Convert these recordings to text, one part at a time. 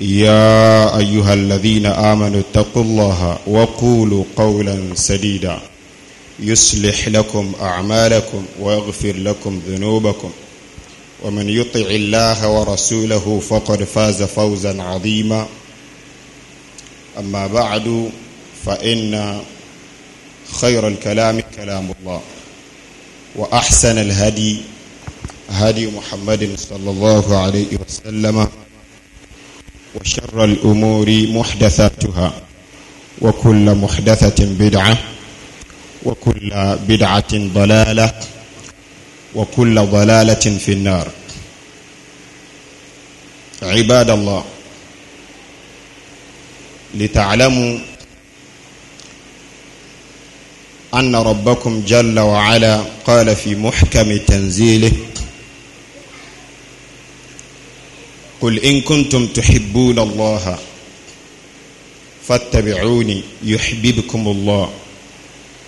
يا أيها الذين آمنوا اتقوا الله وقولوا قولا سديدا يصلح لكم أعمالكم ويغفر لكم ذنوبكم ومن يطع الله ورسوله فقد فاز فوزا عظيما أما بعد فإن خير الكلام كلام الله وأحسن الهدي هدي محمد صلى الله عليه وسلم وشر الأمور محدثاتها وكل محدثة بدعة وكل بدعة ضلالة وكل ضلالة في النار عباد الله لتعلموا أن ربكم جل وعلا قال في محكم تنزيله قل إن كنتم تحبون الله فاتبعوني يحببكم الله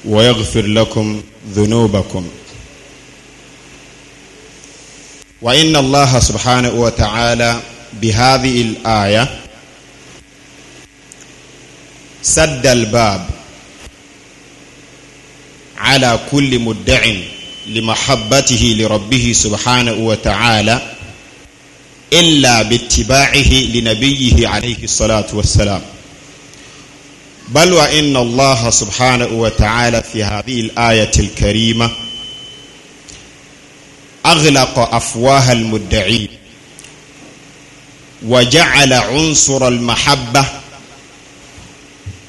ويغفر لكم ذنوبكم وإن الله سبحانه وتعالى بهذه الآية سد الباب على كل مدع لمحبته لربه سبحانه وتعالى إلا باتباعه لنبيه عليه الصلاة والسلام بل وإن الله سبحانه وتعالى في هذه الآية الكريمة أغلق أفواه المدعين وجعل عنصر المحبة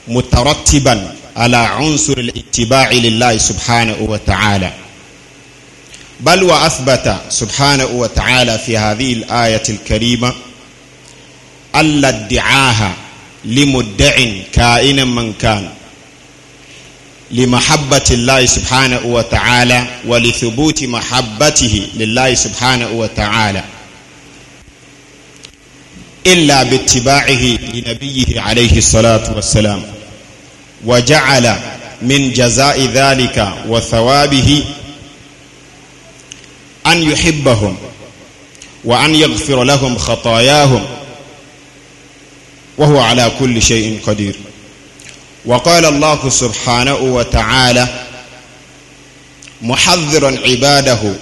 مترتبا على عنصر الاتباع لله سبحانه وتعالى بل وأثبت سبحانه وتعالى في هذه الآية الكريمة ألا ادعاها لمدع كائنا من كان لمحبة الله سبحانه وتعالى ولثبوت محبته لله سبحانه وتعالى إلا باتباعه لنبيه عليه الصلاة والسلام وجعل من جزاء ذلك وثوابه أن يحبهم وأن يغفر لهم خطاياهم وهو على كل شيء قدير وقال الله سبحانه وتعالى محذرا عباده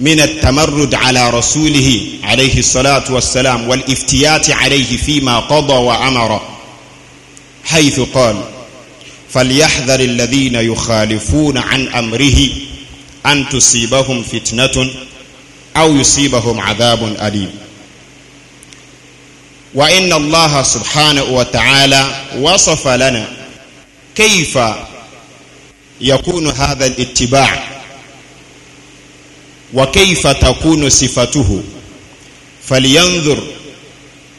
من التمرد على رسوله عليه الصلاة والسلام والافتيات عليه فيما قضى وأمر حيث قال فليحذر الذين يخالفون عن أمره أن تصيبهم فتنة أو يصيبهم عذاب أليم وإن الله سبحانه وتعالى وصف لنا كيف يكون هذا الاتباع وكيف تكون صفته فلينظر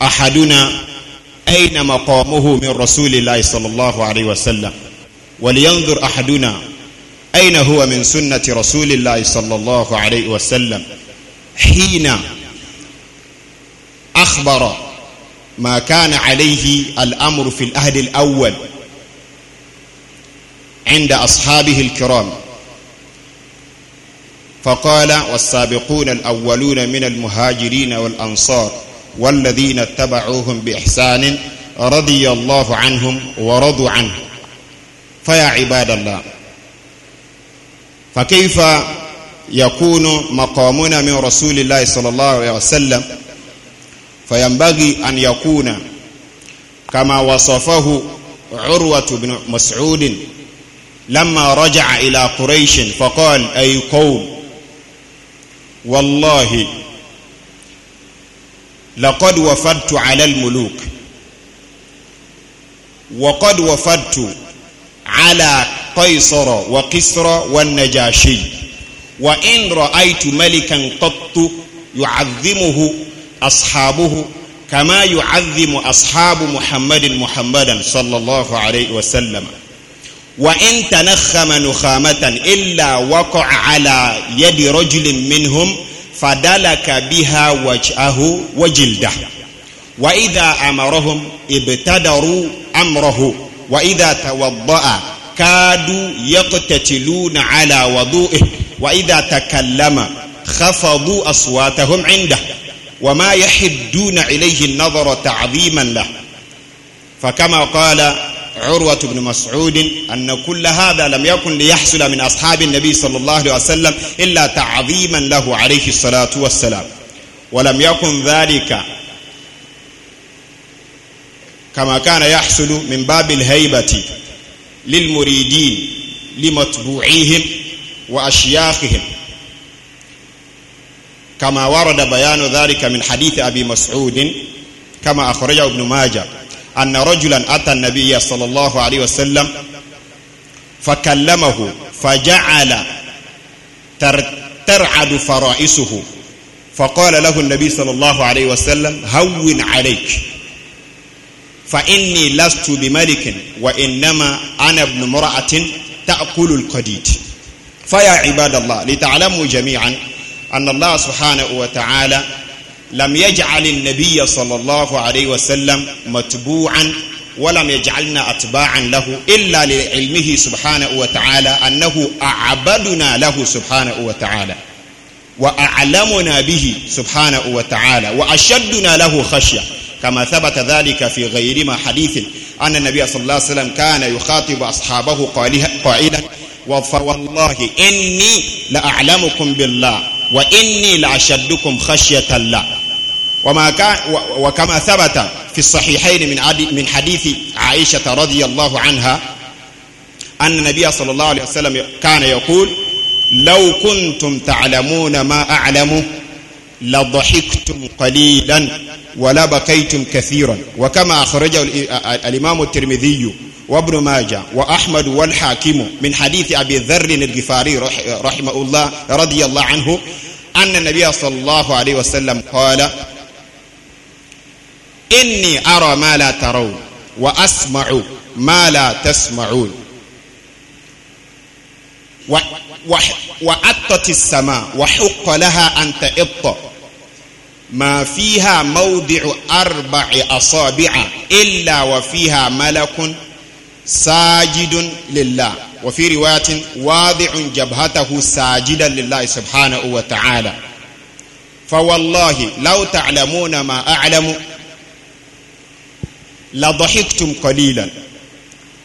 أحدنا أين مقامه من رسول الله صلى الله عليه وسلم ولينظر أحدنا أين هو من سنة رسول الله صلى الله عليه وسلم حين أخبر ما كان عليه الأمر في الأهل الأول عند أصحابه الكرام فقال والسابقون الأولون من المهاجرين والأنصار والذين اتبعوهم بإحسان رضي الله عنهم ورضوا عنه فيا عباد الله فكيف يكون مقامنا من رسول الله صلى الله عليه وسلم فينبغي أن يكون كما وصفه عروة بن مسعود لما رجع إلى قريش فقال أي قوم والله لقد وفدت على الملوك وقد وفدت على قيصر وقسر والنجاشي وإن رأيت ملكا قط يعظمه أصحابه كما يعظم أصحاب محمد محمدا صلى الله عليه وسلم وإن تنخم نخامة إلا وقع على يد رجل منهم فدلك بها وجهه وجلده وإذا أمرهم ابتدروا أمره وإذا توضأ كادوا يقتتلون على وضوئه وإذا تكلم خفضوا أصواتهم عنده وما يحدون إليه النظر تعظيما له فكما قال عروة بن مسعود أن كل هذا لم يكن ليحصل من أصحاب النبي صلى الله عليه وسلم إلا تعظيما له عليه الصلاة والسلام ولم يكن ذلك كما كان يحصل من باب الهيبة للمريدين لمتبوعيهم وأشياخهم كما ورد بيان ذلك من حديث أبي مسعود كما أخرجه ابن ماجه أن رجلا أتى النبي صلى الله عليه وسلم فكلمه فجعل ترعد فرائسه فقال له النبي صلى الله عليه وسلم هون عليك فإني لست بملك وإنما أنا ابن مرأة تأكل القديد فيا عباد الله لتعلموا جميعا أن الله سبحانه وتعالى لم يجعل النبي صلى الله عليه وسلم متبوعا ولم يجعلنا أتباعا له إلا لعلمه سبحانه وتعالى أنه أعبدنا له سبحانه وتعالى وأعلمنا به سبحانه وتعالى وأشدنا له خشية كما ثبت ذلك في غيرما حديث أن النبي صلى الله عليه وسلم كان يخاطب أصحابه قائلا فوالله إني لأعلمكم بالله وإني لأشدكم خشية الله وما كان وكما ثبت في الصحيحين من من حديث عائشة رضي الله عنها أن النبي صلى الله عليه وسلم كان يقول لو كنتم تعلمون ما أعلم لضحكتم قليلا ولا بقيتم كثيرا وكما أخرجه الإمام الترمذي وابن ماجه وأحمد والحاكم من حديث أبي ذر الغفاري رحمه الله رضي الله عنه أن النبي صلى الله عليه وسلم قال إني أرى ما لا ترون وأسمع ما لا تسمعون وأطت السماء وحق لها أن تئط ما فيها موضع أربع أصابع إلا وفيها ملك ساجد لله وفي رواية واضع جبهته ساجدا لله سبحانه وتعالى فوالله لو تعلمون ما أعلم لضحكتم قليلا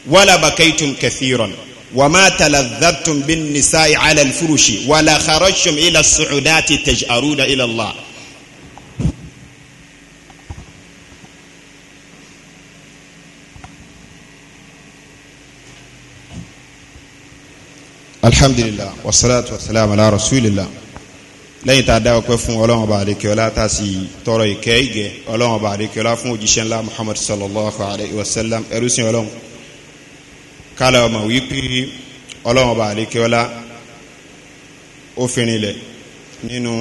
ولا بكيتم كثيرا وما تلذذتم بالنساء على الفرش ولا خرجتم إلى السعودات تجأرون إلى الله alhamdulilah wasalaatu wasalaamu ala rasulillah lẹ́yìn tá a dá ọpẹ́ fún ọlọ́run ọba àdékẹ́ọ́lá tá a sì tọrọ ìkẹ́ ìgẹ̀ ọlọ́run ọba àdékẹ́ọ́lá fún òjíṣẹ́ ńlá muhammad sallallahu alayhi wa sallam ẹrú sin ọlọ́run kálá ọmọ wípé ọlọ́run ọba àdékẹ́ọ́lá ó fìrìnlẹ̀ nínú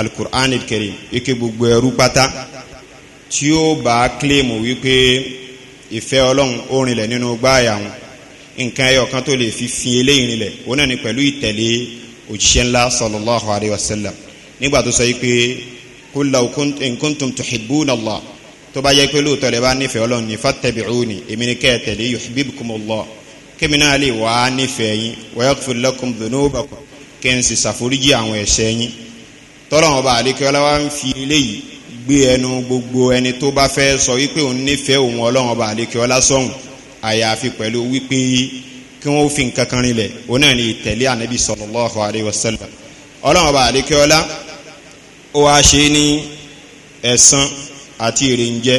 alukur'an karim ike gbogbo ẹrú pátá tí ó bá kílèmù wípé ìfẹ́ ọlọ́run ó rinlẹ̀ nínú gbáàyà nǹkan ẹyọ kan tó lè fi fi eléyìí rinlẹ̀ òun náà ni pẹ̀lú ìtẹ̀lé òjíṣẹ́ ńlá sallallahu alayhi wa sallam nígbà tó sọ yìí pé qul law kuntum tuhibbuna Allah tó bá yẹ pé lóòótọ́ lè bá nífẹ̀ẹ́ ọlọ́run ní fattabi'uni èmi ni kẹ́ẹ̀ tẹ̀lé yuhbibkumullah kémi náà lè wá nífẹ̀ẹ́ yín wa yaghfir lakum dhunubakum kí n sì ṣàforíjì àwọn ẹ̀ṣẹ̀ yín tọ́lọ́run ọba àdékẹ́ ọlọ́wà ń fi eléyìí gbé ẹnu gbogbo ẹni tó bá fẹ́ sọ wípé òun nífẹ̀ẹ́ òun ọlọ́run ọba àdékẹ́ ọlá sọ́hùn àyàfi pẹ̀lú wípé kí wọ́n fi nǹkan kan rinlẹ̀ òun náà ni ìtẹ̀lé ànábì sallallahu alayhi sallam ọlọ́run ọba àdékẹ́ọ́lá ó wá ṣe ní ẹ̀san àti ìrìnjẹ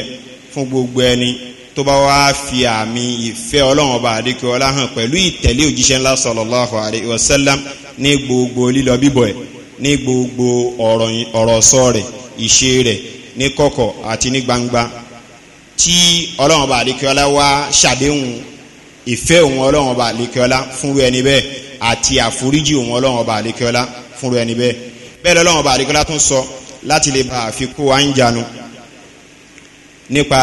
fún gbogbo ẹni tó bá wá fi àmì ìfẹ́ ọlọ́run ọba àdékẹ́ọ́lá hàn pẹ̀lú ìtẹ̀lé òjíṣẹ́ ńlá sallallahu alayhi sallam ní gbogbo lílọ bíbọ̀ ẹ̀ ní gbogbo ọ̀rọ̀ sọ rẹ̀ ìṣe rẹ̀ tí ọlọ́run ọba àlekíọ́lá wá ṣàdéhùn ìfẹ́ òun ọlọ́run ọba àlekíọ́lá fúnru ẹni bẹ́ẹ̀ àti àforíjì òun ọlọ́run ọba àlekíọ́lá fúnru ẹni bẹ́ẹ̀ bẹ́ẹ̀ lọ́lọ́run ọba àlekíọ́lá tún sọ láti lè bá àfikún wa ń nípa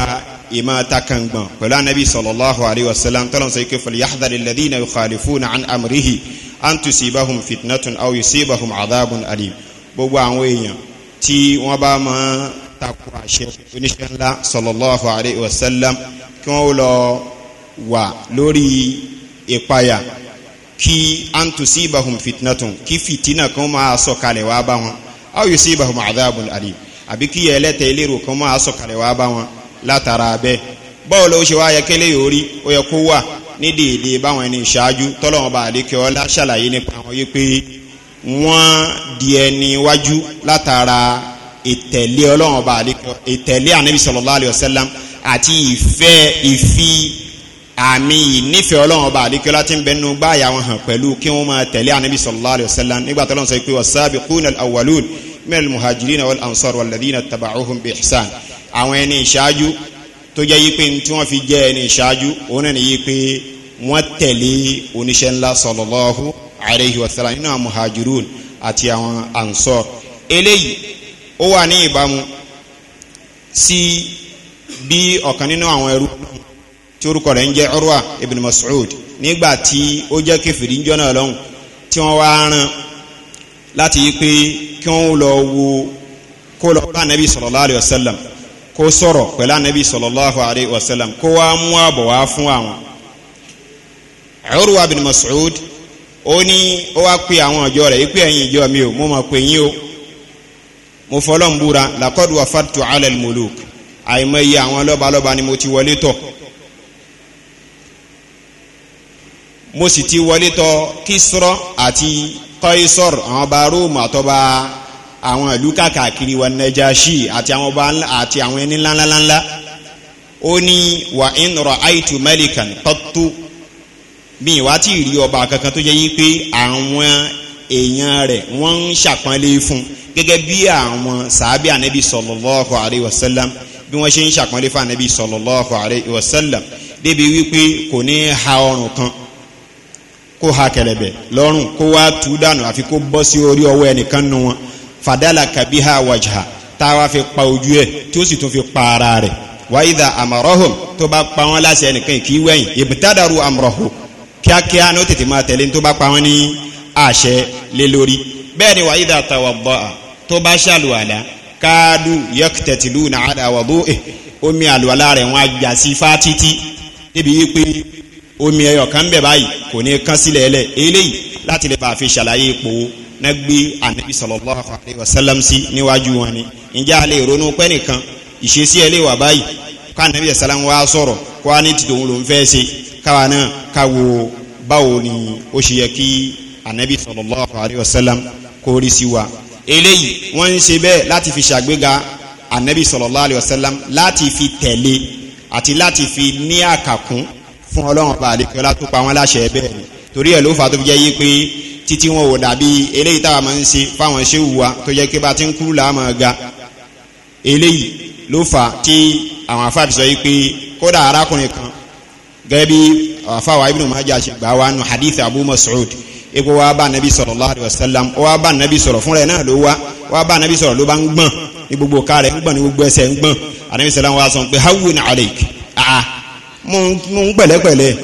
ìmọ̀ takangbọ̀n pẹ̀lú anabi sallallahu alayhi wa sallam tọ́lọ́n sọ ike fal yahdhar alladhina yukhalifuna an amrihi an tusibahum fitnatun aw yusibahum adhabun alim gbogbo àwọn èèyàn tí wọ́n bá máa tako àṣẹ oníṣẹ́ ńlá sallallahu alayhi wa sallam kí wọ́n lọ wà lórí ìpayà kí antusibahum fitnatun kí fitina kan máa sọ̀kalẹ̀ wá bá wọn aw yusibahum adhabun alim àbí kí ẹlẹ́tẹ̀ eléro kan máa sọ̀kalẹ̀ wá bá wọn látara bẹ́ẹ̀ báwo ló ṣe wá ayẹkẹ́lẹ́ yóò rí ó yẹ kó wà ní dèédé báwọn ẹni ìṣáájú tọ́lọ́wọ́n bá àlékè ọlá ṣàlàyé nípa àwọn yìí pé wọ́n di ẹni wájú látara ìtẹ̀lé ọlọ́run ọba àlekọ ìtẹ̀lé anabi sallallahu alayhi wa sallam àti ìfẹ́ ìfi àmì ìnífẹ̀ẹ́ ọlọ́run ọba àlekọ láti ń bẹ nínú gbáàyà wọn hàn pẹ̀lú kí wọ́n máa tẹ̀lé anabi sallallahu alayhi wa sallam nígbà tó lọ́n sọ pé wasabiquna al-awwalun min al-muhajirin wal ansar walladhina taba'uhum bi ihsan àwọn ẹni ìṣáájú tó jẹ́ yìí pé tí wọ́n fi jẹ́ ẹni ìṣáájú òun náà nìyí pé wọ́n tẹ̀lé oníṣẹ́ ńlá sallallahu alayhi wa sallam nínú àwọn muhajirun àti àwọn ansar eléyìí ó wà ní ìbámu sí bí ọ̀kan nínú àwọn ẹrú tí orúkọ rẹ̀ ń jẹ́ Urwa ibn Masoud nígbà tí ó jẹ́ kẹfìrí ń jọ́nà lọ́hùn tí wọ́n wá rán láti yí pé kí wọ́n lọ wo kó lọ bá anabi sallallahu alayhi wa sallam kó sọ̀rọ̀ pẹ̀lú anabi sallallahu alayhi wa sallam kó wá mú àbọ̀ wá fún àwọn. Urwa ibn Masoud ó ní ó wá pe àwọn ọjọ́ rẹ̀ yí pé ẹ̀yin ìjọ mi ò mọ̀ pé yín o mo fọlọ́n búra làkọ́dù afárítù alẹ́l mọ́lúk àìmọye àwọn lọ́balọ́ba ni mo ti wọlé tọ̀ mo sì ti wọlé tọ̀ kísrọ́ àti kọ́ísọ́r àwọn ọba róòmù àtọ́ba àwọn ìlú kàkàkiri wa najashi àti àwọn ọba àti àwọn ẹni ńláńláńlá ó ní wà ń rọ àìtù mẹ́lìkàn tọ́tù mi ìwá tí ì rí ọba kankan tó jẹ́ yí pé àwọn èèyàn rẹ̀ wọ́n ń ṣàpọ́nlé fún gẹ́gẹ́ bí àwọn sàábì ànábì sallallahu alayhi wa sallam bí wọ́n ṣe ń ṣàpọ́nlé fún ànábì sallallahu alayhi wa sallam débi wípé kò ní ha ọrùn kan kó ha kẹlẹ̀bẹ̀ lọ́rùn kó wá tú dànù àfi kó bọ́ sí orí ọwọ́ ẹnìkan nu wọn fàdálà kàbíhà wàjà tá a wá fi pa ojú ẹ̀ tí ó sì tún fi pa ara rẹ̀ wáyídà àmọ̀rọ́hùn tó bá pa wọ́n láṣẹ ẹnìkan kì í wẹ̀yìn ìbùtádàrú àmọ̀rọ̀hùn kíákíá ní ó tètè máa tẹ̀lé ní tó bá pa wọ́n ní àṣẹ lé lórí bẹ́ẹ̀ ni wàyí dàtà wà bọ́ à tó bá ṣàlùwàlà káàdù yọkìtẹ̀tìlú nà àdà wà bó è omi àlùwàlà rẹ̀ wọ́n á gbà sí fátítí débi yí pé omi ẹyọ kan bẹ̀ báyìí kò ní kán sílẹ̀ ẹlẹ̀ eléyìí láti lè bá fi ṣàlàyé ipò náà gbé ànábì sallallahu alaihi wasallam sí níwájú wọn ni ǹjẹ́ a lè ronú pẹ́ nìkan ìṣesí ẹ lè wà báyìí ká ànábì sallam wá sọ̀rọ̀ kó a ní tìtòun lòún báwo ni ó ṣe yẹ kí anabi sallallahu alayhi wa sallam kó rí sí wa eléyìí wọ́n ń ṣe bẹ́ẹ̀ láti fi ṣàgbéga anabi sallallahu alayhi wa sallam láti fi tẹ̀lé àti láti fi ní àkàkún fún ọlọ́run ọba àdìkọ́lá tó pa wọ́n láṣẹ bẹ́ẹ̀ ni torí ẹ̀ ló fà tó fi jẹ́ yí pé títí wọn ò dàbí eléyìí táwa máa ń ṣe fáwọn ṣéwù wa tó jẹ́ pé bá ti ń kúrú làá máa ga eléyìí ló fà tí àwọn afáàbí sọ yí pé kódà arákùnrin kan gẹ́gẹ́ bí àfáwà ibnu Majah ṣe gbà wá nù hadith Abu Mas'ud epo wa bá anabi sallallahu alaihi wasallam ó wá bá anabi sọ̀rọ̀ fúnra ẹ̀ náà ló wá wá bá anabi sọ̀rọ̀ ló bá ń gbọ̀n ní gbogbo ká rẹ̀ ń gbọ̀n ní gbogbo ẹsẹ̀ ń gbọ̀n anabi sallam wa sọ pé hawwin aleik aa mo ń pẹ̀lẹ́pẹ̀lẹ́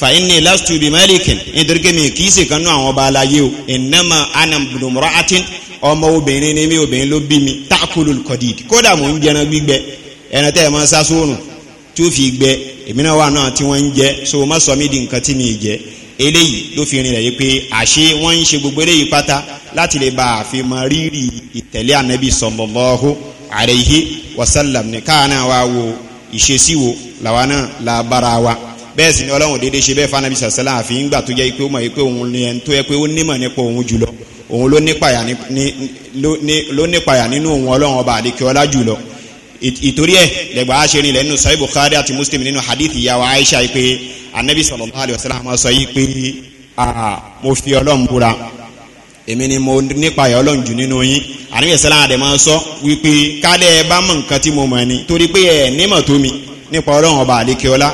fa inni lastu bi malikin nítorí pé mi kì í ṣe kan nú àwọn ọba aláyé o innama ana ibnu imra'atin ọmọ obìnrin ni mi obìnrin ló bí mi ta'kulul qadid kódà mò ń jẹran gbígbẹ ẹran tẹ́ ẹ máa sá sóòrùn tí ó fi gbẹ èmi náà wà náà tí wọ́n ń jẹ so má sọ di nǹkan mi jẹ eléyìí ló fi rin rẹ̀ yìí pé àṣé wọ́n ń ṣe gbogbo eléyìí pátá láti lè ba àfihàn rírì ìtẹ̀lé ànábì sallallahu alayhi wa sallam ní káàná wa wo ìṣesí wo làwa náà la bára wa bẹ́ẹ̀ sì ni ọlọ́run déédéé ṣe bẹ́ẹ̀ fanabi sàṣẹ́lá àfi ń gbà tó jẹ́ pé ó mọ̀ pé òun ni ẹni tó yẹ pé ó nímọ̀ nípa òun jùlọ òun ló nípayà nínú òun ọlọ́run ọba àdékẹ́ọ́lá jùlọ ìtorí ẹ̀ lẹ́gbàá ṣe rin lẹ́nu sahih Bukhari àti Muslim nínú hadith ìyá wa Aisha yìí pé anabi sallallahu alayhi wa sallam máa sọ yìí pé mo fi ọlọ́run búra èmi ni mo nípa ẹ̀ ọlọ́run jù nínú yín anabi sallallahu alayhi máa sọ wípé kálẹ̀ ẹ bá mọ nǹkan tí mo mọ̀ ni torí pé ẹ nímọ̀ tó mi nípa ọlọ́run ọba àdékẹ́ọ́lá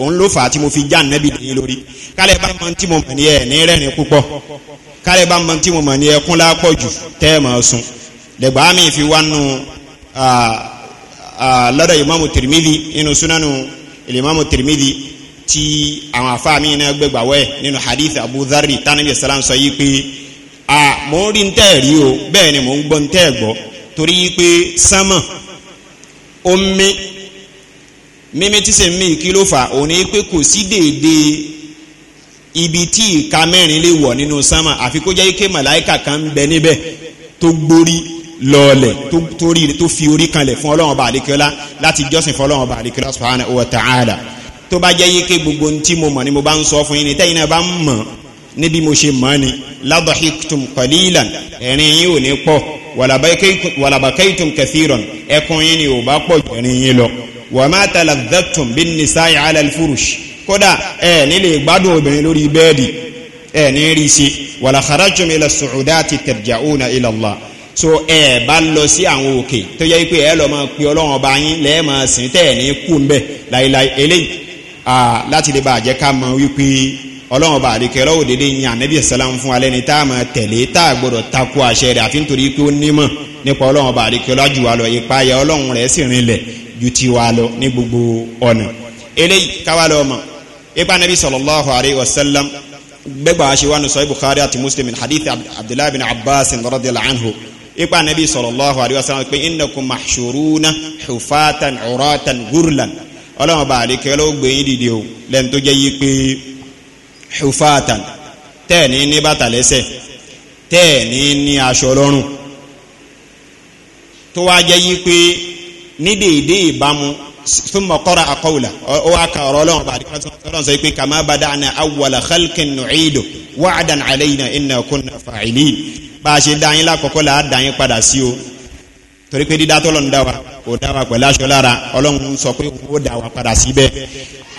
òun ló fà á tí mo fi já anabi dèyí lórí kálẹ̀ ẹ bá mọ tí mo mọ̀ ni ẹ ní rẹ́rìn púpọ̀ kálẹ̀ ẹ bá mọ tí mo mọ̀ ni ẹkún lápọ̀ jù tẹ́ ẹ máa sùn lẹ́gbàá mi fi wá nù lọ́dọ̀ ìmáàmù Tirmidhi inú súnánù ìmáàmù Tirmidhi tí àwọn afáàmì náà gbẹgbàwẹ nínú hadith abu dhari tanabi salam sọ yìí pé a mò ń rí ntẹ́ rí o bẹ́ẹ̀ ni mò ń gbọ́ ntẹ́ gbọ́ torí pé sánmà omi mímí tí sì ń kí ló fà òun ni pé kò sí déédéé ibi tí ìka mẹ́rin lè wọ̀ nínú sánmà àfi kó jẹ́ ike màláìka kan ń bẹ níbẹ̀ tó gborí lọ́ọ̀lẹ̀ tó fi orí kanlẹ̀ fún ọlọ́run ọba àdékọ́lá láti jọ́sìn fún ọlọ́run ọba àdékọ́lá subhanahu wa ta'ala tó bá jẹ́ yíké gbogbo ohun tí mo mọ̀ ni mo bá ń sọ fún yín ni tẹ́yìn náà bá ń mọ̀ ní bí mo ṣe mọ̀ ni ladhahiktum qalilan ẹ̀rín yín ò ní pọ̀ walabakaytum kathiran ẹkún yín ni ò bá pọ̀ jù ẹ̀rín yín lọ wa ma talazzatum bin nisa'i ala al-furush kódà ẹ̀ nílé gbádùn obìnrin lórí bẹ́ẹ̀dì ẹ̀ ní rí sí wala kharajtum ila as-su'udati tarja'una ila Allah so ẹ bá lọ sí àwọn òkè tó yẹ pé ẹ lọ máa pe Ọlọ́run ọba yín lẹ́ẹ̀ máa sìn tẹ̀ ní kú ń bẹ̀ eléyìí láti lè bá àjẹ́ ká mọ wípé ọlọ́run ọba àdìkẹ́ ọlọ́wọ́ dédé yin ànábì sàlám fún alẹ́ ni tá a máa tẹ̀lé tá a gbọ́dọ̀ takò àṣẹ rẹ̀ àfi nítorí pé ó nímọ̀ nípa ọlọ́run ọba àdìkẹ́ ọlájú wa lọ ìpayà ọlọ́run rẹ̀ sì rinlẹ̀ ju ti wa lọ ní gbogbo ọ̀nà eléyìí káwá lọ mọ̀ ipa anabi sallallahu alayhi wa sallam gbẹgbà wa wa nusọ Bukhari àti Muslim hadith Abdullahi bin Abbas radiyallahu anhu ọlọ́run ọba àlekẹ́ ló gbé yín dìde o lẹ́nu tó jẹ́ yí pé hufatan tẹ́ẹ̀ ní ní bàtà lẹ́sẹ̀ tẹ́ẹ̀ ní ní aṣọ lọ́rùn tó wá jẹ́ yí pé ní dèédé ìbámu thumma qara'a qawla ó wá ka ọ̀rọ̀ ọlọ́run ọba àlekẹ́ lọ́rùn sọ pé kama bada'na awwala khalqin nu'idu wa'dan alayna inna kunna fa'ilin bá a ṣe dá yín lákọ̀ọ́kọ́ là á dá yín padà sí o torí pé dídá tọ́lọ̀ ń dá wa kò dá wa pẹ̀lú aṣọ lára ọlọ́run sọ pé kò dá wa padà síbẹ̀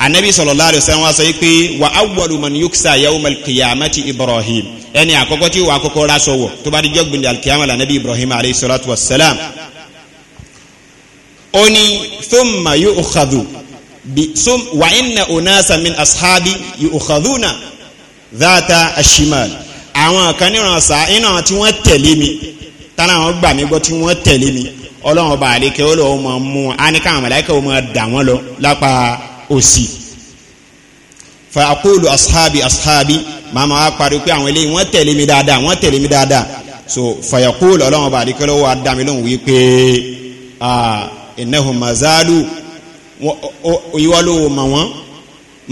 anabi sallallahu alaihi wasallam wa sọ pé wa awwalu man yuksa yawm al-qiyamati ibrahim ẹni àkọ́kọ́ tí wàá kọ́kọ́ ra sọ̀wọ̀ tó bá di jọ́gbìn di al la nabi ibrahim alayhi salatu wa salam ó ní thumma yu'khadhu bi sum wa inna unasa min ashabi yu'khadhuna dhata ashimal àwọn kan níran sa iná tí wọ́n tẹ̀lé mi tánà wọn gbà mí gbọ́ tí wọ́n tẹ̀lé mi ọlọ́run ọba àlekẹ́ ó lọ́wọ́ máa mú wọn á ní káwọn mọ̀láìkẹ́ ó máa dà wọ́n lọ lápá òsì. fa aqulu ashabi ashabi màmá wa parí pé àwọn eléyìí wọ́n tẹ̀lé mi dáadáa wọ́n tẹ̀lé mi dáadáa so fa ọlọ́run ọba àlekẹ́ lọ́wọ́ adámi lóhùn wí pé mazalu ìwọ́ mọ̀ wọ́n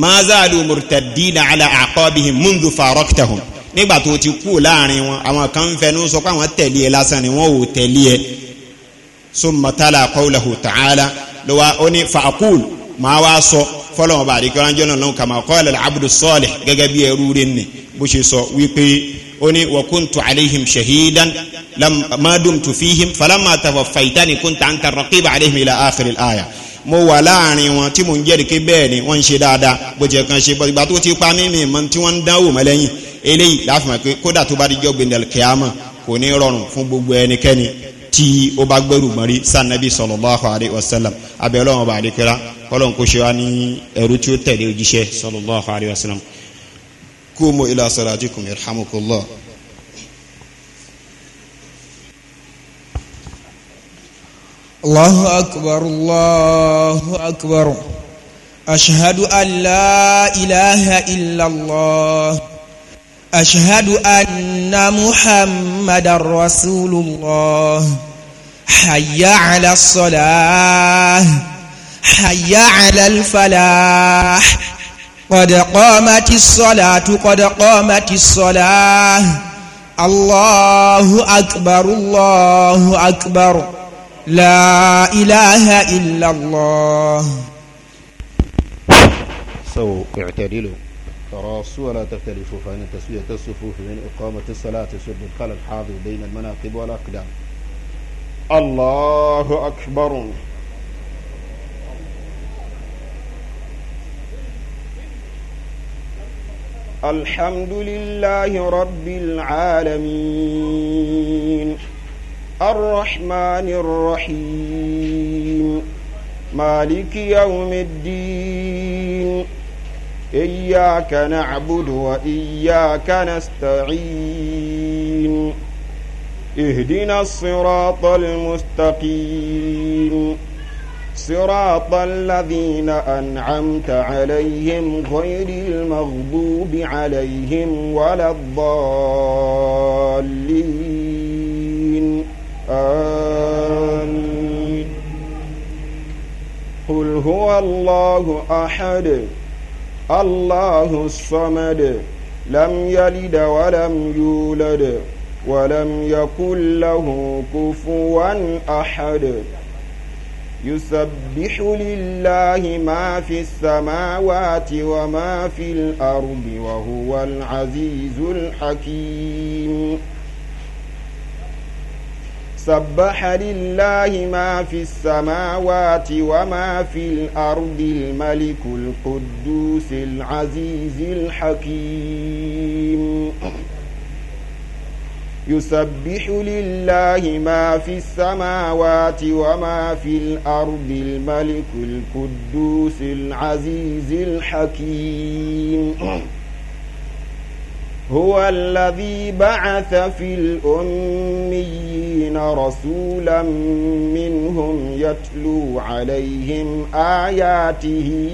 mazalu murtadina ala aqabihim mundu faraktahum nígbà tó ti kú láàrin wọn àwọn kan ń fẹnu sọ pé àwọn tẹ̀lé ẹ lásán ni wọn ò tẹ̀lé ẹ summa tala qawlahu ta'ala ló wá ó ní fàákùl máa wá sọ fọlọ́wọ́n bá àdìgbò ránjọ́ náà lọ́wọ́ kama qala al-abdu salih gẹ́gẹ́ bí ẹrú rẹ̀ ni bó ṣe sọ wípé ó ní wa shahidan ma dumtu fihim falamma tawaffaytani kunta anta raqiba alayhim ila akhir aya mo wà láàrin wọn tí mò ń jẹ́rìí pé bẹ́ẹ̀ ni wọ́n ń ṣe dáadáa bó jẹ́ kan ṣe bọ́ ìgbà tó ti pa mímì mọ́ tí wọ́n ń dánwò mọ́ lẹ́yìn eléyìí láti mọ̀ pé kódà tó bá di jọ́ gbendel kíámà kò ní rọrùn fún gbogbo ẹnikẹ́ni tí ó bá gbẹrù mọ́rí sanabi sallallahu alayhi wa sallam abẹ́ ọlọ́run ọba àdékẹ́ra ọlọ́run kò ṣe wá ní ẹrú tí ó tẹ̀lé òjíṣẹ́ sallallahu alayhi wa sallam kumu ila salatikum yarhamukumullah. الله أكبر الله أكبر أشهد أن لا إله إلا الله أشهد أن محمد رسول الله حي على الصلاة حي على الفلاح قد قامت الصلاة قد قامت الصلاة الله أكبر الله أكبر لا إله إلا الله so اعتدلوا تراصوا ولا تختلفوا فإن تسوية الصفوف من إقامة الصلاة سد الخلل الحاضر بين المناقب والأقدام الله أكبر الحمد لله رب العالمين الرحمن الرحيم مالك يوم الدين إياك نعبد وإياك نستعين اهدنا الصراط المستقيم صراط الذين أنعمت عليهم غير المغضوب عليهم ولا الضالين آمين قل هو الله أحد الله الصمد لم يلد ولم يولد ولم يكن له كفوا أحد يسبح لله ما في السماوات وما في الأرض وهو العزيز الحكيم سبح لله ما في السماوات وما في الأرض الملك القدوس العزيز الحكيم يسبح لله ما في السماوات وما في الأرض الملك القدوس العزيز الحكيم هو الذي بعث في الأميين رسولا منهم يتلو عليهم آياته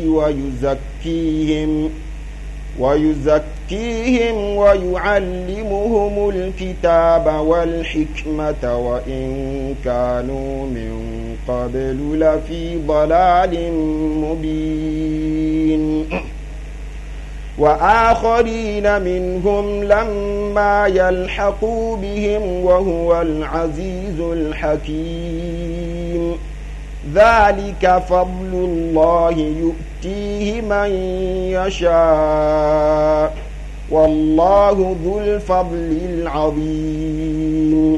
ويزكيهم ويزكيهم ويعلمهم الكتاب والحكمة وإن كانوا من قبل لفي ضلال مبين وآخرين منهم لما يلحقوا بهم وهو العزيز الحكيم ذلك فضل الله يؤتيه من يشاء والله ذو الفضل العظيم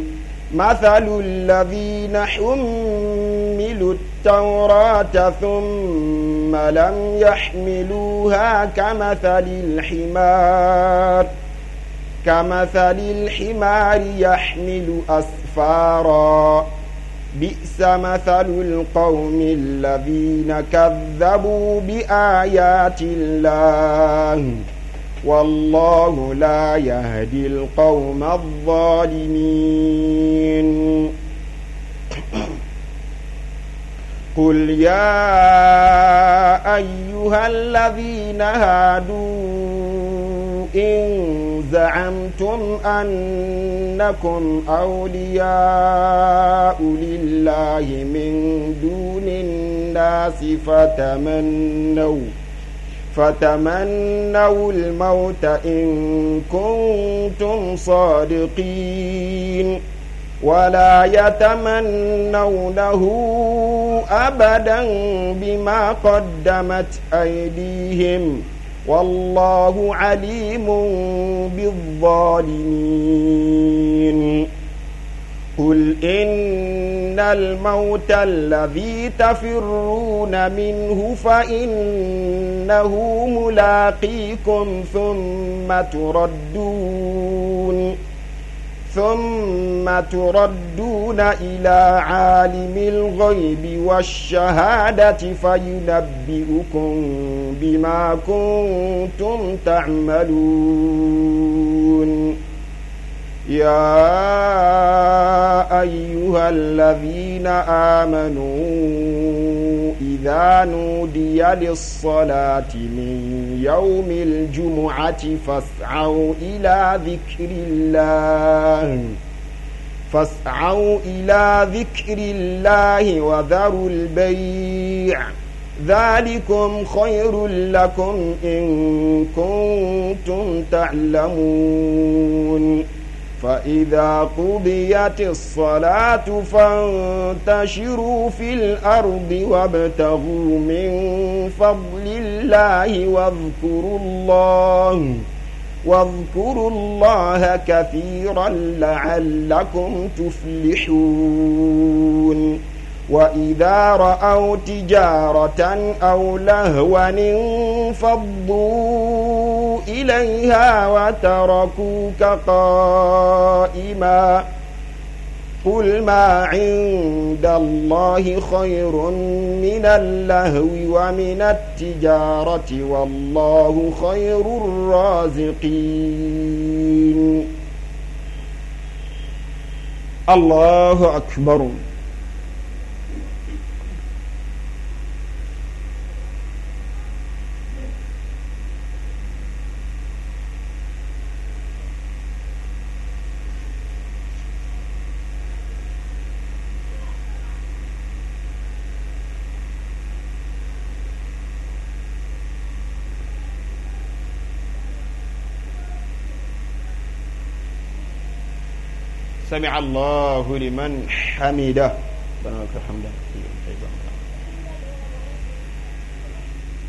مثل الذين حملوا التوراة ثم لم يحملوها كمثل الحمار كمثل الحمار يحمل أسفارا بئس مثل القوم الذين كذبوا بآيات الله والله لا يهدي القوم الظالمين قل يا أيها الذين هادوا إن زعمتم أنكم أولياء لله من دون الناس فتمنوا فتمنوا الموت إن كنتم صادقين ولا يتمنونه أبدا بما قدمت أيديهم والله عليم بالظالمين قل إن الموت الذي تفرون منه فإنه ملاقيكم ثم تردون ثم تردون إلى عالم الغيب والشهادة فينبئكم بما كنتم تعملون يا أيها الذين آمنوا إذا نودي للصلاة من يوم الجمعة فاسعوا إلى ذكر الله فاسعوا إلى ذكر الله وذروا البيع ذلكم خير لكم إن كنتم تعلمون فإذا قضيت الصلاة فانتشروا في الأرض وابتغوا من فضل الله واذكروا الله واذكروا الله كثيرا لعلكم تفلحون وإذا رأوا تجارة أو لهوا انفضوا إليها وتركوك قائما قل ما عند الله خير من اللهو ومن التجارة والله خير الرازقين الله أكبر سمع الله لمن حمده ربنا لك الحمد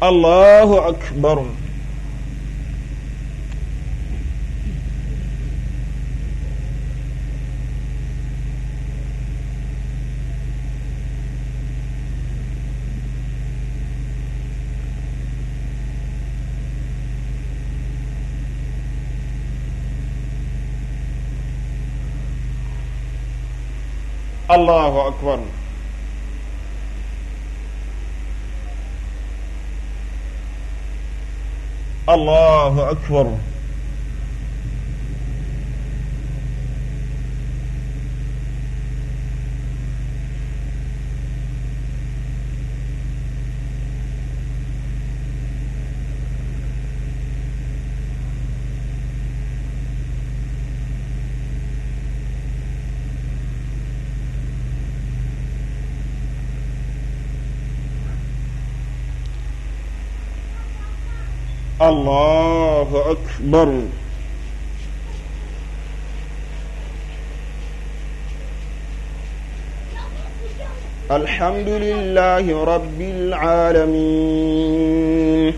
الله أكبر الله أكبر الله أكبر الله أكبر الحمد لله رب العالمين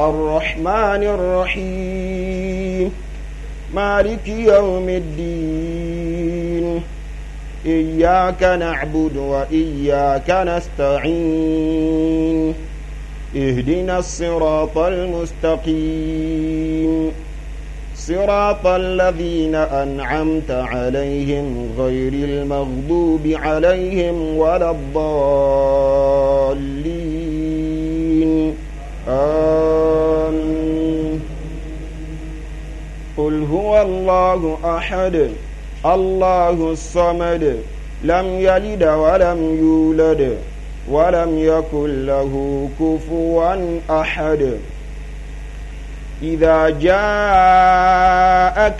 الرحمن الرحيم مالك يوم الدين إياك نعبد وإياك نستعين اهدنا الصراط المستقيم صراط الذين أنعمت عليهم غير المغضوب عليهم ولا الضالين آمين قل هو الله أحد الله الصمد لم يلد ولم يولد ولم يكن له كفوا أحد إذا جاءك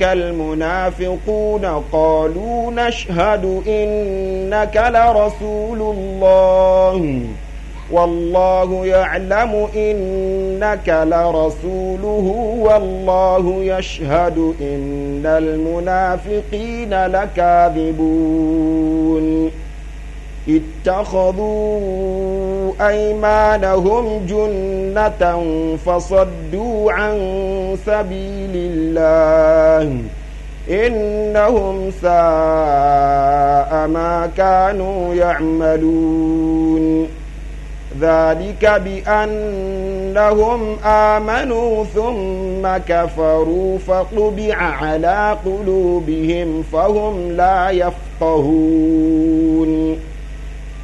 المنافقون قالوا نشهد إنك لرسول الله والله يعلم إنك لرسوله والله يشهد إن المنافقين لكاذبون اتخذوا أيمانهم جنة فصدوا عن سبيل الله إنهم ساء ما كانوا يعملون ذلك بأنهم آمنوا ثم كفروا فطبع على قلوبهم فهم لا يفقهون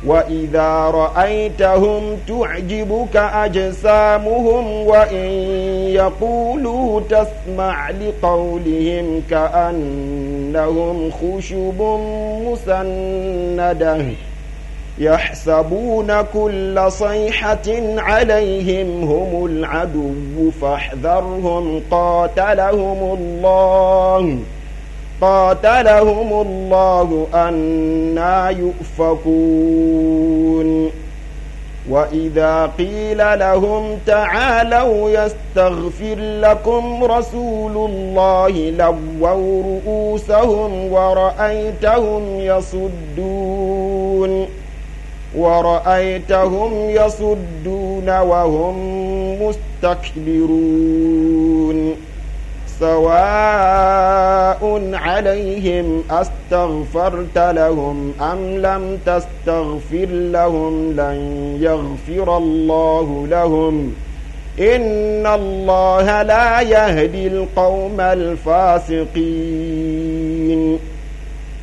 وإذا رأيتهم تعجبك أجسامهم وإن يقولوا تسمع لقولهم كأنهم خشب مسندة يحسبون كل صيحة عليهم هم العدو فاحذرهم قاتلهم الله ۖ قاتلهم الله أنا يؤفكون وإذا قيل لهم تعالوا يستغفر لكم رسول الله لووا رؤوسهم ورأيتهم يصدون ورأيتهم يصدون وهم مستكبرون سواء عليهم أستغفرت لهم أم لم تستغفر لهم لن يغفر الله لهم إن الله لا يهدي القوم الفاسقين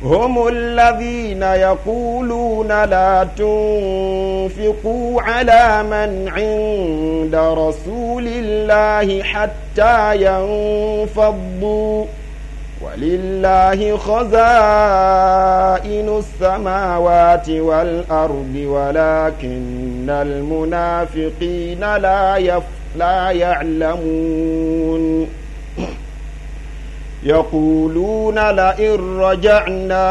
هم الذين يقولون لا تنفقوا على من عند رسول الله حتى ينفضوا ولله خزائن السماوات والأرض ولكن المنافقين لا, يف لا يعلمون يقولون لئن رجعنا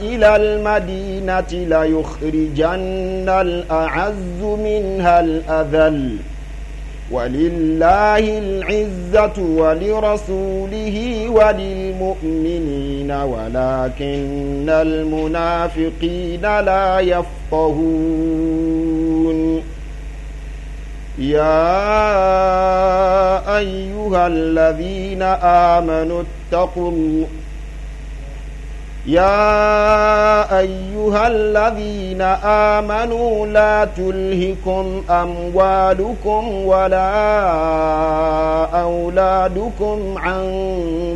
إلى المدينة ليخرجن الأعز منها الأذل ولله العزة ولرسوله وللمؤمنين ولكن المنافقين لا يفقهون يا أيها الذين آمنوا اتقوا الله يا أيها الذين آمنوا لا تلهكم أموالكم ولا أولادكم عن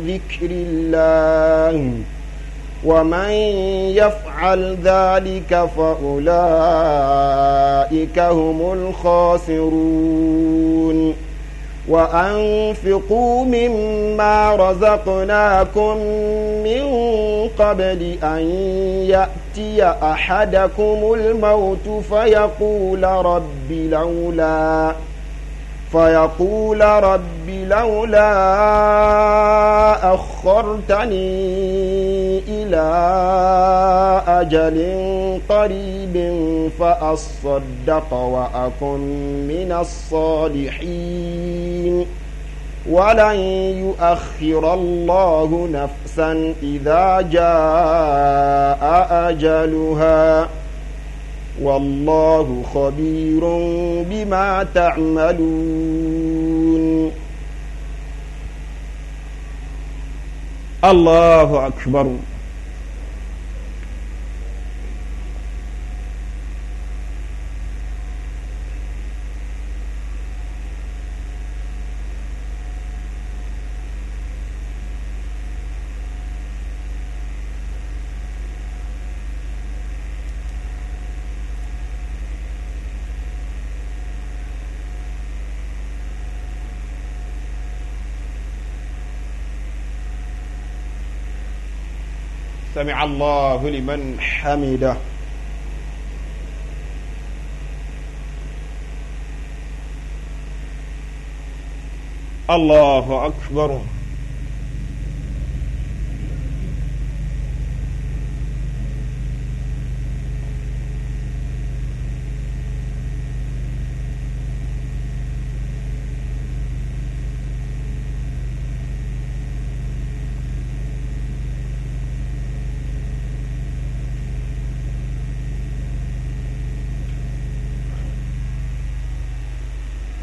ذكر الله ومن يفعل ذلك فأولئك هم الخاسرون وأنفقوا مما رزقناكم من قبل أن يأتي أحدكم الموت فيقول رب لولا فيقول رب لولا أخرتني إلى أجل قريب فأصدق وأكن من الصالحين ولن يؤخر الله نفسا إذا جاء أجلها والله خبير بما تعملون الله أكبر الله لمن حمده الله أكبر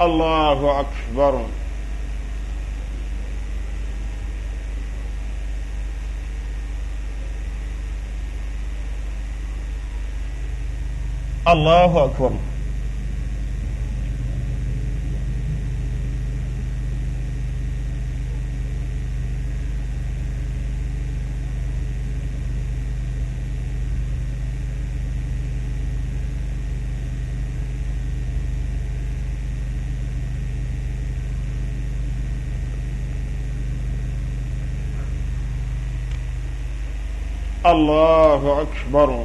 الله أكبر الله أكبر الله أكبر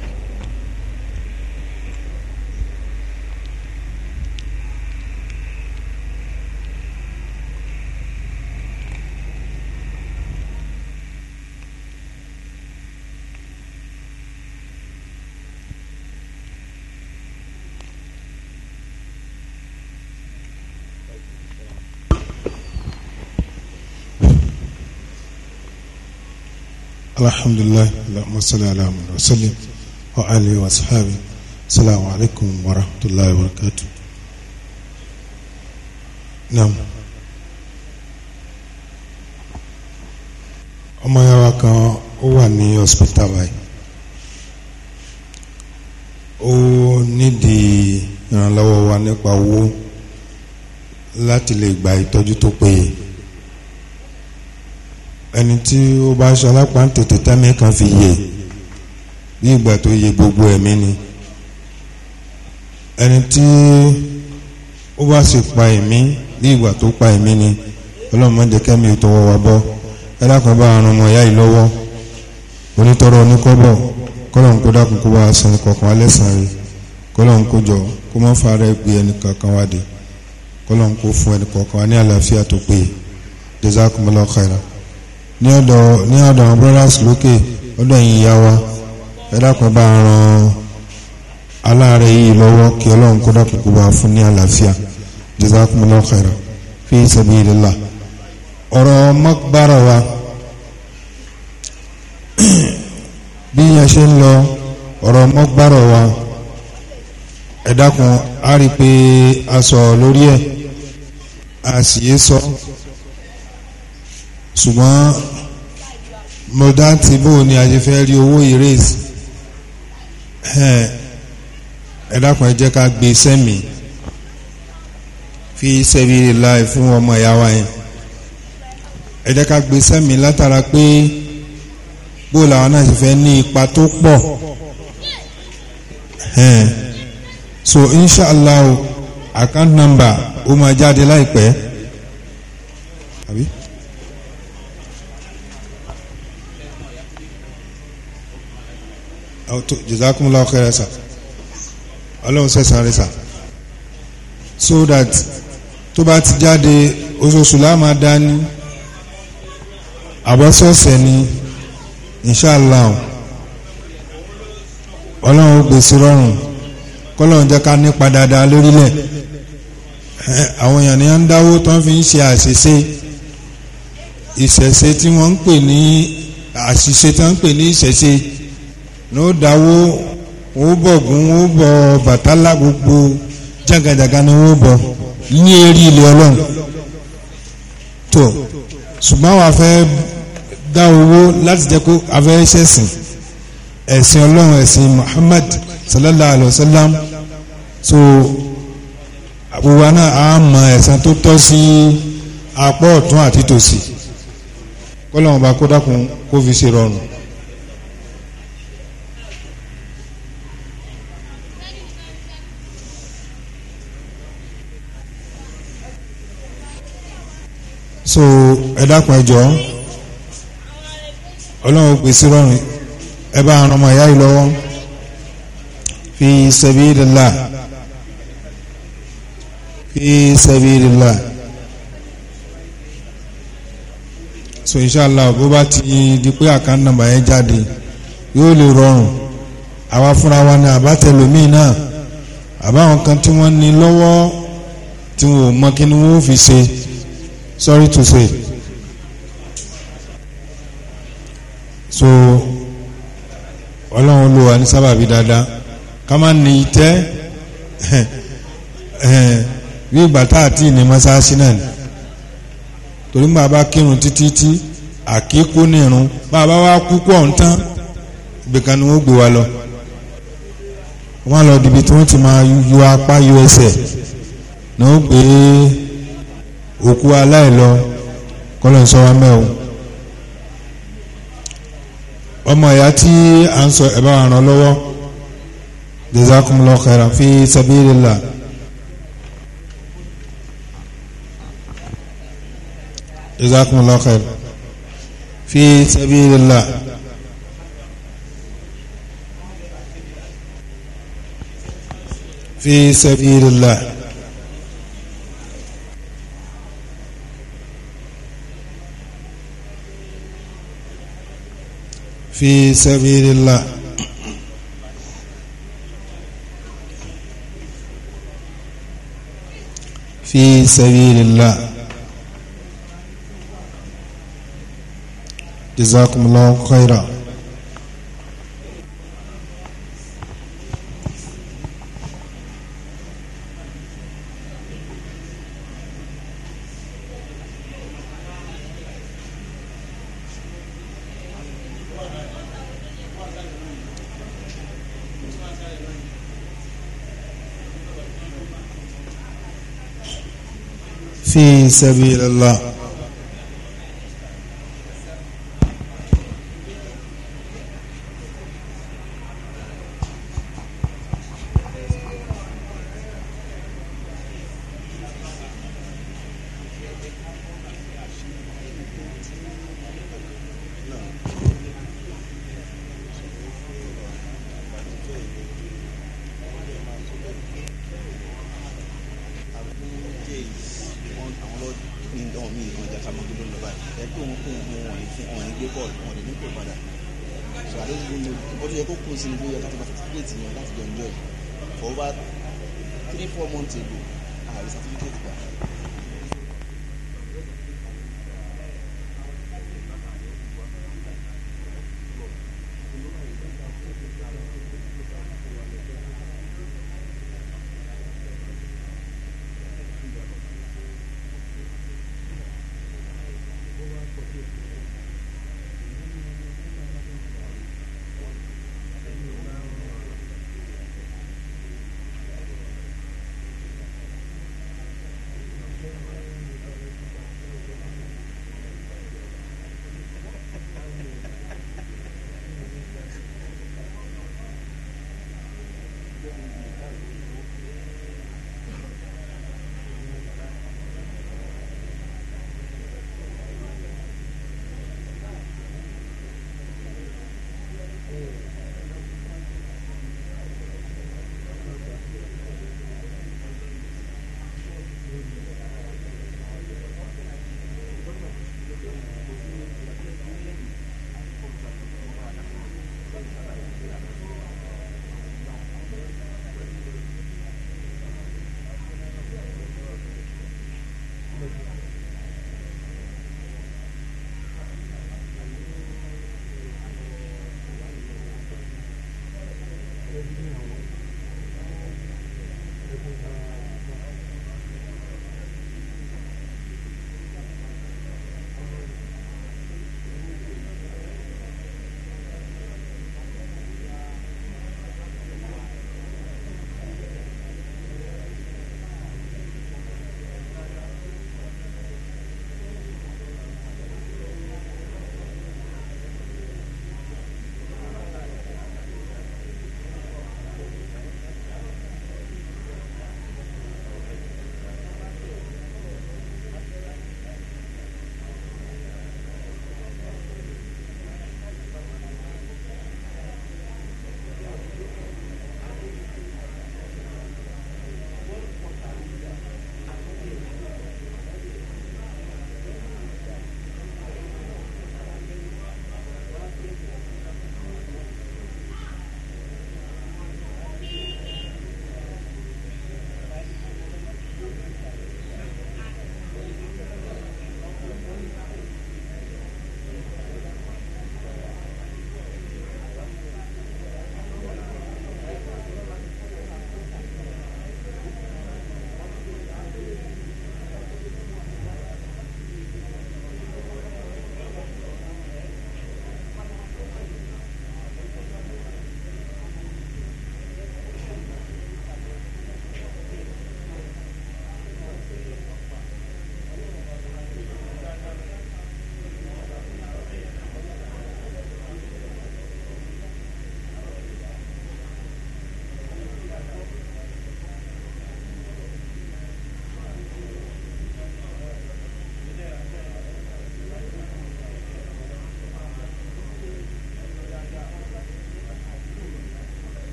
الحمد لله salli ala على wa sallim wa alihi wa عليكم ورحمة الله وبركاته نعم wa barakatu. naam ọmọ yàrá kan ó wà ní hospital báyìí ó nídìí ìrànlọ́wọ́ wa nípa owó láti lè gba ìtọ́jú tó péye ẹni tí ó bá aṣọ alápá ń tètè tẹ́mi kan fi yè bí ìgbà tó yè gbogbo ẹ̀mí ni ẹni tí ó bá sì pa ẹ̀mí bí ìgbà tó pa ẹ̀mí ni ọlọ́run má jẹ́ kẹ́mi ò tọwọ́ wa bọ́ ẹ dákun bá àrùn ọmọ ìyá yìí lọ́wọ́ onítọ́rọ oníkọ́bọ̀ kọ́lọ́n kó dákun kó bá aṣọ kọ̀ọ̀kan alẹ́ sàn rí kọ́lọ́n kó jọ kó má fa gbé ẹnì wá dé kọ́lọ́n kó fún ẹnì ní àlàáfíà tó péye jazakumullahu khairan ní ọ̀dọ̀ ní ọ̀dọ̀ àwọn brothers lókè ọ̀dọ̀ ẹ̀yin ìyá wa ẹ dákun bá ran aláàárẹ̀ yìí lọ́wọ́ kí ọlọ́run kó dákun kó bá fún ní àlàáfíà jazakumullahu khairan fi sabilillah ọ̀rọ̀ mọ́gbára wa bí a ṣe ń lọ ọ̀rọ̀ mọ́gbára wa ẹ dákun á rí i pé a sọ lórí ẹ̀ a sì yé sọ ṣùgbọ́n mọ̀dáǹtì bò ní a ṣe fẹ́ rí owó ìrèsì ẹ dákun ẹ jẹ́ ká gbé e sẹ́mi fi sẹ́bìrì láì fún ọmọ ìyá wa yẹn ẹ jẹ́ ká gbé e sẹ́mi látara pé bó làwọn náà ṣe fẹ́ ní ipa tó pọ̀ so inshallah account number ó máa jáde láìpẹ́. Àbí? jazakumullahu khairan sà ọlọ́run sẹ̀sán rẹ̀ sà so that tó bá ti jáde oṣooṣù láàmà dání àbọ̀sọ̀ọ̀sẹ̀ ni inshallah ọlọ́run ó gbèsè rọrùn kọ́lọ́run jẹ́ ká nípa dáadáa lórílẹ̀ àwọn èèyàn ni wọ́n ń dáwó tó ń fi ń ṣe àṣìṣe ìṣẹ̀ṣe tí wọ́n ń pè ní àṣìṣe tí wọ́n ń pè ní ìṣẹ̀ṣe ló dáwó wọ́n bọ̀ gún wọ́n bọ̀ bàtálà gbogbo jàgàjàgà ni wọ́n bọ̀ ní eré ilé ọlọ́run tó ṣùgbọ́n wàá fẹ́ dá owó láti jẹ́ kó afẹ́ ṣẹ̀sìn ẹ̀sìn ọlọ́run ẹ̀sìn Muhammad sallallahu alayhi wa sallam so àbúwá náà á mọ ẹ̀sán tó tọ́ sí apá ọ̀tún àti tòsì kọ́lọ́run bá kó dákun kó fi ṣe rọrùn. so ẹ dákun ẹ jọ̀ọ́ ọlọ́run pèsè rọrùn ẹ bá àwọn ọmọ ìyá yìí lọ́wọ́ fi sabilillah fi sabilillah so inshallah bó bá ti di pé àkáńtì nàmbà yẹn jáde yóò lè rọrùn àwa fúnra wa ni àbátẹlómi náà àbáwọn kan tí wọ́n ní lọ́wọ́ tí wọn ò mọ kí ni wọ́n fi ṣe sorry to say so ọlọ́run ló wà ní sábàbí dáadáa ká má ní tẹ́ bí ìgbà tá àti ní mọ́sáàsì náà ni torí bá a bá kírun títí tí àkíkú nírun bá a bá wá kú pọ̀ ń tán ìgbèkan ni wọ́n gbé wa lọ wọ́n lọ dìbì tí wọ́n ti máa yọ apá usa ni wọ́n gbé òkú aláìlọ kọ́lọ̀ ń sọ wá mẹ́wọ́ ọmọ ìyá tí a ń sọ ẹ̀bá wa ràn lọ́wọ́ jazakumullahu khairan fi sabilillah jazakumullahu khairan fi sabilillah. في سبيل الله في سبيل الله في سبيل الله جزاكم الله خيرا في سبيل الله